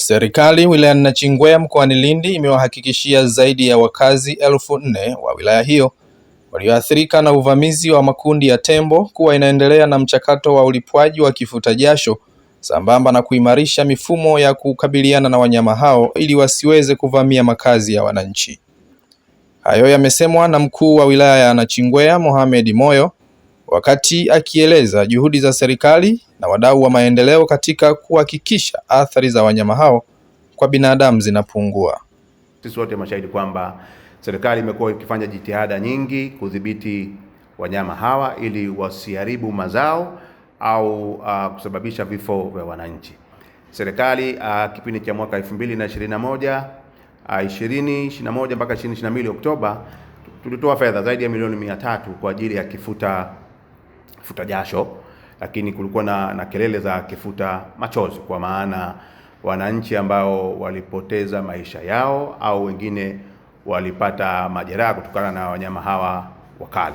Serikali wilaya Nachingwea mkoani Lindi imewahakikishia zaidi ya wakazi elfu nne wa wilaya hiyo walioathirika na uvamizi wa makundi ya tembo kuwa inaendelea na mchakato wa ulipwaji wa kifuta jasho sambamba na kuimarisha mifumo ya kukabiliana na wanyama hao ili wasiweze kuvamia makazi ya wananchi. Hayo yamesemwa na mkuu wa wilaya ya Nachingwea Mohamed Moyo wakati akieleza juhudi za serikali na wadau wa maendeleo katika kuhakikisha athari za wanyama hao kwa binadamu zinapungua. Sisi wote mashahidi kwamba serikali imekuwa ikifanya jitihada nyingi kudhibiti wanyama hawa ili wasiharibu mazao au uh, kusababisha vifo vya wananchi. Serikali uh, kipindi cha mwaka 2021 2021 uh, mpaka 2022 Oktoba tulitoa fedha zaidi ya milioni mia tatu kwa ajili ya kifuta kifuta jasho, lakini kulikuwa na, na kelele za kifuta machozi, kwa maana wananchi ambao walipoteza maisha yao au wengine walipata majeraha kutokana na wanyama hawa wakali.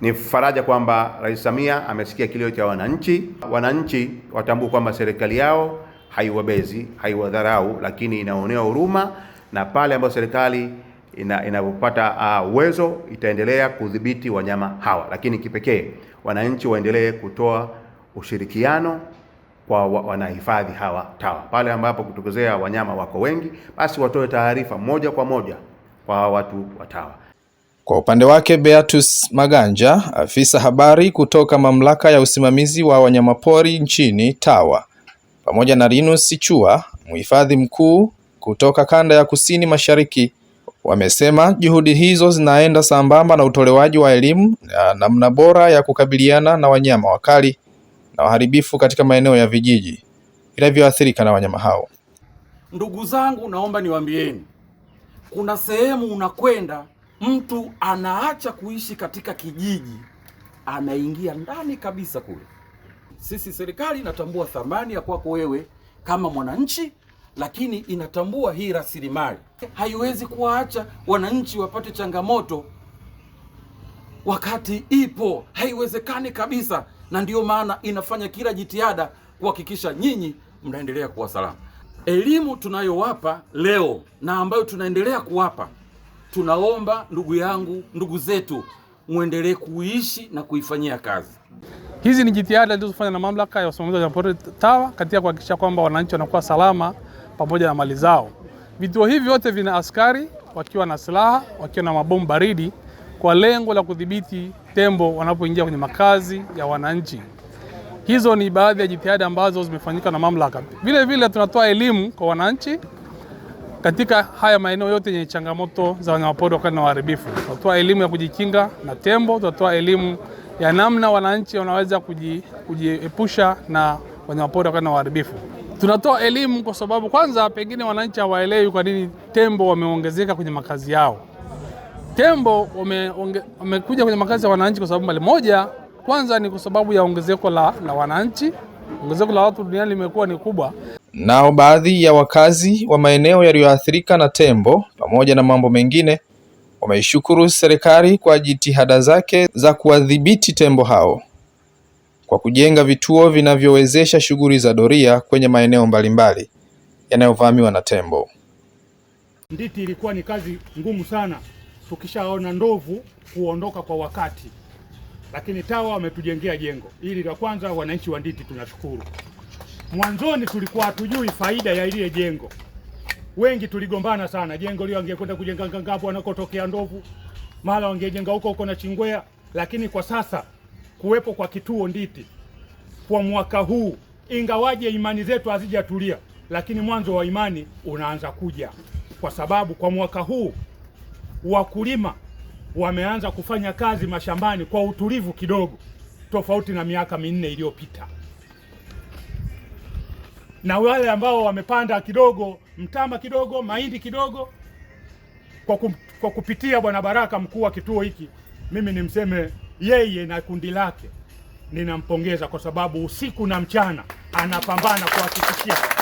Ni faraja kwamba Rais Samia amesikia kilio cha wananchi. Wananchi watambue kwamba serikali yao haiwabezi, haiwadharau, lakini inaonea huruma na pale ambapo serikali inavyopata ina ah, uwezo uh, itaendelea kudhibiti wanyama hawa, lakini kipekee wananchi waendelee kutoa ushirikiano kwa wanahifadhi hawa TAWA. Pale ambapo kutokezea wanyama wako wengi, basi watoe taarifa moja kwa moja kwa watu wa TAWA. Kwa upande wake, Beatus Maganja, afisa habari kutoka mamlaka ya usimamizi wa wanyamapori nchini TAWA, pamoja na Linus Chua, mhifadhi mkuu kutoka kanda ya Kusini Mashariki Wamesema juhudi hizo zinaenda sambamba na utolewaji wa elimu na namna bora ya kukabiliana na wanyama wakali na waharibifu katika maeneo ya vijiji vinavyoathirika na wanyama hao. Ndugu zangu, naomba niwaambieni, kuna sehemu unakwenda, mtu anaacha kuishi katika kijiji, anaingia ndani kabisa kule. Sisi serikali inatambua thamani ya kwako wewe kama mwananchi, lakini inatambua hii rasilimali haiwezi kuwaacha wananchi wapate changamoto wakati ipo, haiwezekani kabisa. Na ndiyo maana inafanya kila jitihada kuhakikisha nyinyi mnaendelea kuwa salama. Elimu tunayowapa leo na ambayo tunaendelea kuwapa, tunaomba ndugu yangu, ndugu zetu, mwendelee kuishi na kuifanyia kazi. Hizi ni jitihada zilizofanya na mamlaka ya usimamizi wa jamhuri TAWA katika kuhakikisha kwamba wananchi wanakuwa salama pamoja na mali zao. Vituo hivi vyote vina askari wakiwa na silaha, wakiwa na mabomu baridi kwa lengo la kudhibiti tembo wanapoingia kwenye makazi ya wananchi. Hizo ni baadhi ya jitihada ambazo zimefanyika na mamlaka. Vile vile tunatoa elimu kwa wananchi katika haya maeneo yote yenye changamoto za wanyamapori wakati na uharibifu. Tunatoa elimu ya kujikinga na tembo, tunatoa elimu ya namna wananchi wanaweza kujiepusha na wanyamapori wakati na uharibifu. Tunatoa elimu kwa sababu kwanza, pengine wananchi hawaelewi kwa nini tembo wameongezeka kwenye makazi yao. Tembo wamekuja wame kwenye makazi ya wananchi kwa sababu mbali. Moja, kwanza ni kwa sababu ya ongezeko la, la wananchi. Ongezeko la watu duniani limekuwa ni kubwa. Nao baadhi ya wakazi wa maeneo yaliyoathirika na tembo, pamoja na mambo mengine, wameishukuru serikali kwa jitihada zake za kuwadhibiti tembo hao kwa kujenga vituo vinavyowezesha shughuli za doria kwenye maeneo mbalimbali yanayovamiwa na tembo. Nditi ilikuwa ni kazi ngumu sana, tukishaona ndovu kuondoka kwa wakati, lakini TAWA wametujengea jengo hili la kwanza. Wananchi wa Nditi tunashukuru. Mwanzoni tulikuwa hatujui faida ya ile jengo, wengi tuligombana sana. Jengo lio angekwenda kujenga Ngangapu wanakotokea ndovu, mara wangejenga huko huko na Chingwea, lakini kwa sasa kuwepo kwa kituo Nditi kwa mwaka huu, ingawaje imani zetu hazijatulia, lakini mwanzo wa imani unaanza kuja, kwa sababu kwa mwaka huu wakulima wameanza kufanya kazi mashambani kwa utulivu kidogo, tofauti na miaka minne iliyopita, na wale ambao wamepanda kidogo mtama kidogo mahindi kidogo kwa, kum, kwa kupitia Bwana Baraka mkuu wa kituo hiki, mimi nimseme yeye na kundi lake ninampongeza kwa sababu usiku na mchana anapambana kuhakikishia